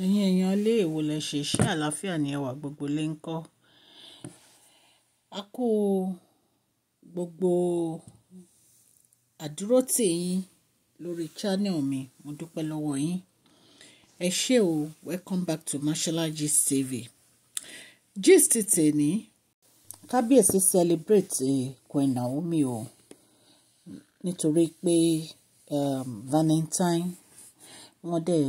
ẹ̀yin èèyàn ilé èwo lẹ ṣe ṣé àlàáfíà ni ẹwà gbogbo lè ń kọ́ a kó gbogbo àdúrótì yín lórí channel mi mo dúpẹ́ lọ́wọ́ yín ẹ ṣé o welcome back to Mashola Gist TV gist tèmi kábíyèsí celebrate eh, Queen Naomi o nítorí pé eh, Valentine wọ́n dẹ̀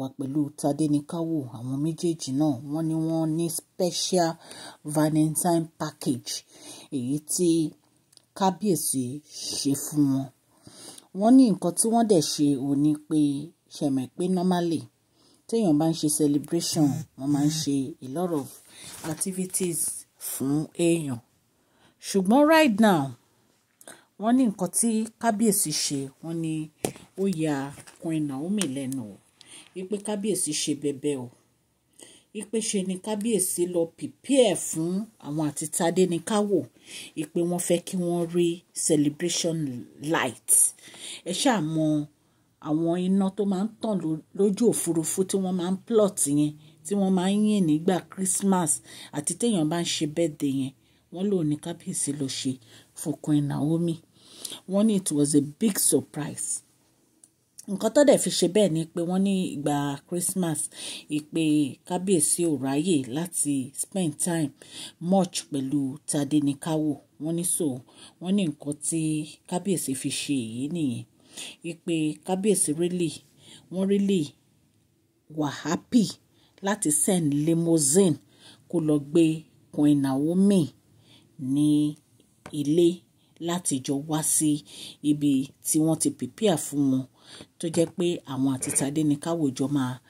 wà pẹ̀lú Tadéníkàwò àwọn méjèèjì náà wọ́n ní wọ́n ní special valentine package èyí tí kábíyèsí ṣe fún wọn wọ́n ní nǹkan tí wọ́n dẹ̀ ṣe ò ní pé ṣẹ̀mẹ̀ pé normally téèyàn bá ń ṣe celebration wọ́n máa ń ṣe a lot of activities fún èèyàn ṣùgbọ́n right now wọ́n ní nǹkan tí kábíyèsí ṣe wọ́n ní ó ya Queen Naomi lẹ́nu o ipe kábíyèsí ṣe bẹ̀bẹ̀ o ipe ṣe ni kábíyèsí lọ prepare fún àwọn àti ní káwò ipe wọ́n fẹ́ kí wọ́n rí celebration light ẹ ṣáà àwọn iná tó máa ń tàn lójú òfurufú tí wọ́n máa ń plot yẹn tí wọ́n máa ń yìn nígbà Christmas àti téèyàn bá ń ṣe birthday yẹn wọ́n lò ní kábíyèsí lọ ṣe fún Queen Naomi wọ́n ní it was a big surprise nǹkan tó dẹ̀ fi ṣe bẹ́ẹ̀ ni pé wọ́n ní ìgbà Christmas ìpè kábíyèsí ò ráyè láti spend time much pẹ̀lú Tadéníkàwò wọ́n ní so wọ́n ní nǹkan tí kábíyèsí fi ṣe èyí nìyẹn ìpè kábíyèsí really wọ́n really wà happy láti send limousine kó lọ gbé Queen Naomi ní ilé láti jọ wá sí ibi tí wọ́n ti pèpìà fún wọn tó jẹ́ pé àwọn àti Tadé ní máa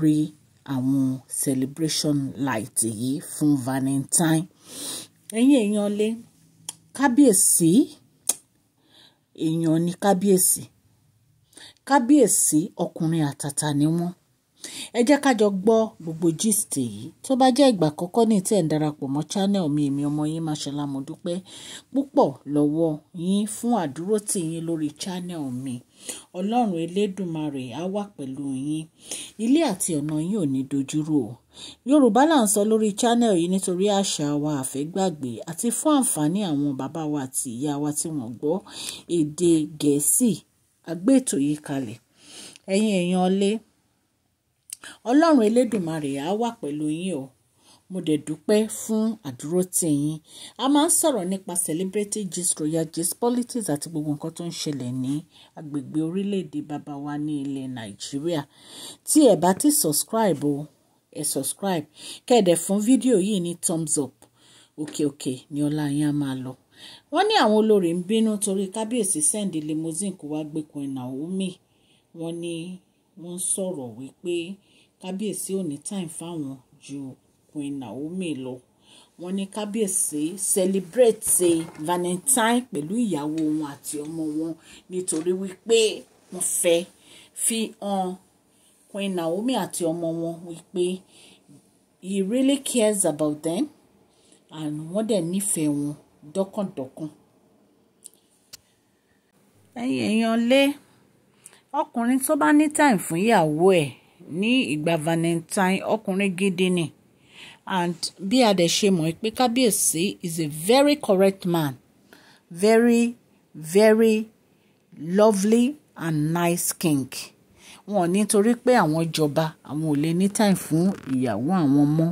rí àwọn celebration light yìí fún Valentine ẹ̀yin èèyàn lé kábíyèsí èèyàn ní kábíyèsí kábíyèsí ọkùnrin àtàtà ni wọ́n ẹ jẹ́ ká jọ gbọ́ gbogbo gist yìí tó bá jẹ́ ìgbà àkọ́kọ́ ní tẹ̀ ń darapọ̀ mọ́ channel mi èmi ọmọ yín Mashola mo dúpẹ́ púpọ̀ lọ́wọ́ yín fún àdúró tì yín lórí channel mi ọlọ́run elédùnmarè á wà pẹ̀lú yín ilé àti ọ̀nà yín ò ní dojúrò o yorùbá là ń sọ lórí channel yìí nítorí àṣà wa àfẹ́gbàgbé àti fún àǹfààní àwọn bàbá wa àti ìyá wa tí wọ́n gbọ́ èdè gẹ̀ẹ́sì àgbéètò yìí kalẹ̀ ẹ̀yin èèyàn ọlẹ́ ọlọ́run elédùnmarè á wà pẹ̀lú yín o mo dẹ̀ dúpẹ́ fún àdúrótì yín a máa ń sọ̀rọ̀ nípa celebrity gist royal gist politics àti gbogbo nǹkan tó ń ṣẹlẹ̀ ní agbègbè orílẹ̀-èdè bàbá wa ní ilẹ̀ nàìjíríà tí ẹ bá ti subscribe o ẹ subscribe kẹ́ẹ̀dẹ̀ fún fídíò yìí ní thumbs up òkè òkè ni ọlá yín á máa lọ wọ́n ní àwọn olórí ń bínú torí kábíyèsí sẹ́ǹdì limousine kó wá gbé Queen Naomi wọ́n ní. Ni wọ́n sọ̀rọ̀ wípé kábíyèsí ò ní time fáwọn ju Queen Naomi lọ wọ́n ní kábíyèsí celebrate valentine pẹ̀lú ìyàwó wọn àti ọmọ wọn nítorí wípé wọ́n fẹ́ fi hàn Queen Naomi àti ọmọ wọn wípé he really cares about them and wọ́n dẹ̀ nífẹ̀ẹ́ wọn dọ́kàndọ́kàn. ẹ̀yin èèyàn lé ọkùnrin tó bá ní time fún ìyàwó ẹ̀ ní ìgbà valentine ọkùnrin gidi ni and bí a dẹ̀ ṣe mọ̀ pé kábíyèsí is a very correct man very very lovely and nice king wọn ní torí pé àwọn jọba àwọn ò lè ní time fún ìyàwó àwọn mọ́.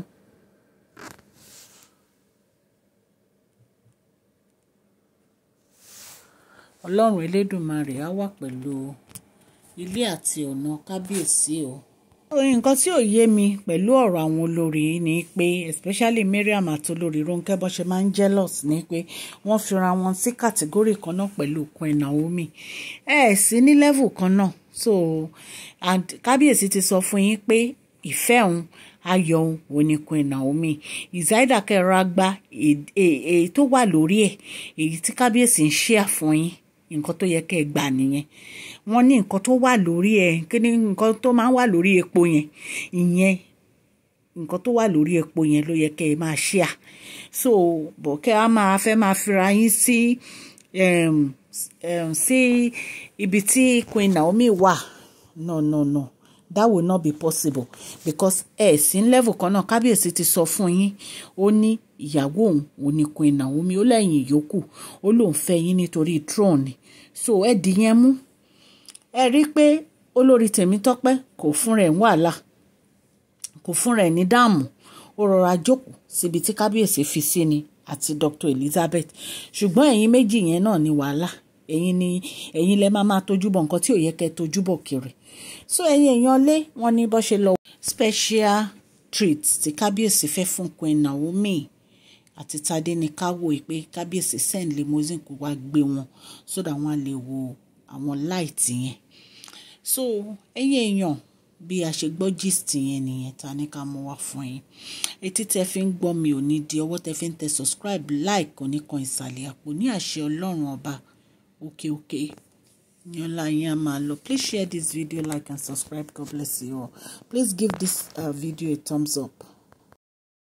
ọlọ́run elédùnmarè á wà pẹ̀lú ilé àti ọ̀nà kábíyèsí o. nǹkan tí ò yé mi pẹ̀lú ọ̀rọ̀ àwọn olórí ni pé especially Mariam àti olórí Rónkẹ́ bọ́n ṣe máa ń jealous ni pé wọ́n fira wọn sí kàtégórì kan náà pẹ̀lú Queen Naomi ẹ̀ sí ní level kan náà so kábíyèsí ti sọ fún yín pé ìfẹ́ òun ayọ̀ òun ò ní Queen Naomi ìzáídà kẹrọ àgbà èyí tó wà lórí ẹ̀ èyí tí kábíyèsí ń ṣe àfọyín nǹkan tó yẹ kẹ́ ẹ gbà nìyẹn wọ́n ní nǹkan tó wà lórí ẹ kí ni nǹkan tó máa ń wà lórí epo yẹn ìyẹn nǹkan tó wà lórí epo yẹn ló yẹ kẹ́ ẹ máa ṣe à so bọ̀ kẹ́ a máa fẹ́ máa fira yín sí ehm, ehm, sí ibi tí Queen Naomi wà no no no that will not be possible because ẹ sí level kan náà kábíyèsí ti sọ fún yín ó ní ìyàwó òun òun ni Queen Naomi ó lẹ́yìn ìyókù ó lóun fẹ́ yín nítorí throne so ẹ dì yẹn mú ẹ rí i pé olórí Tèmítọ́pẹ́ kò fún rẹ̀ ń wàhálà kò fún rẹ̀ ní dáàmú ó rọra jókòó síbi tí kábíyèsí fi sí ni àti Dr Elizabeth ṣùgbọ́n ẹ̀yin méjì yẹn náà ni wàhálà ẹ̀yin ni ẹ̀yin lẹ máa máa tojúbọ̀ nǹkan tí ò yẹ kẹ́ tojúbọ̀ kiri so ẹ̀yin èèyàn lé wọn ní bó ṣe lọ special treat tí kábíyèsí fẹ́ fún Queen Naomi àti Tadé ni ká wò pé kábíyèsí send limousine kó wá gbé wọn so that wọn lè wo àwọn light yẹn so ẹ̀yin èèyàn bí a ṣe gbọ́ gist yẹn nìyẹn ta ní ká mú wá fún yín etí tẹ fi ń gbọ́ mi ò ní di ọwọ́ tẹ fi ń tẹ subscribe like òní kan ìsàlẹ̀ àpò ní àṣẹ ọlọ́run ọba òkè òkè yọlá yẹn máa lọ please share this video like and subscribe god bless you all please give this uh, video a thumbs up.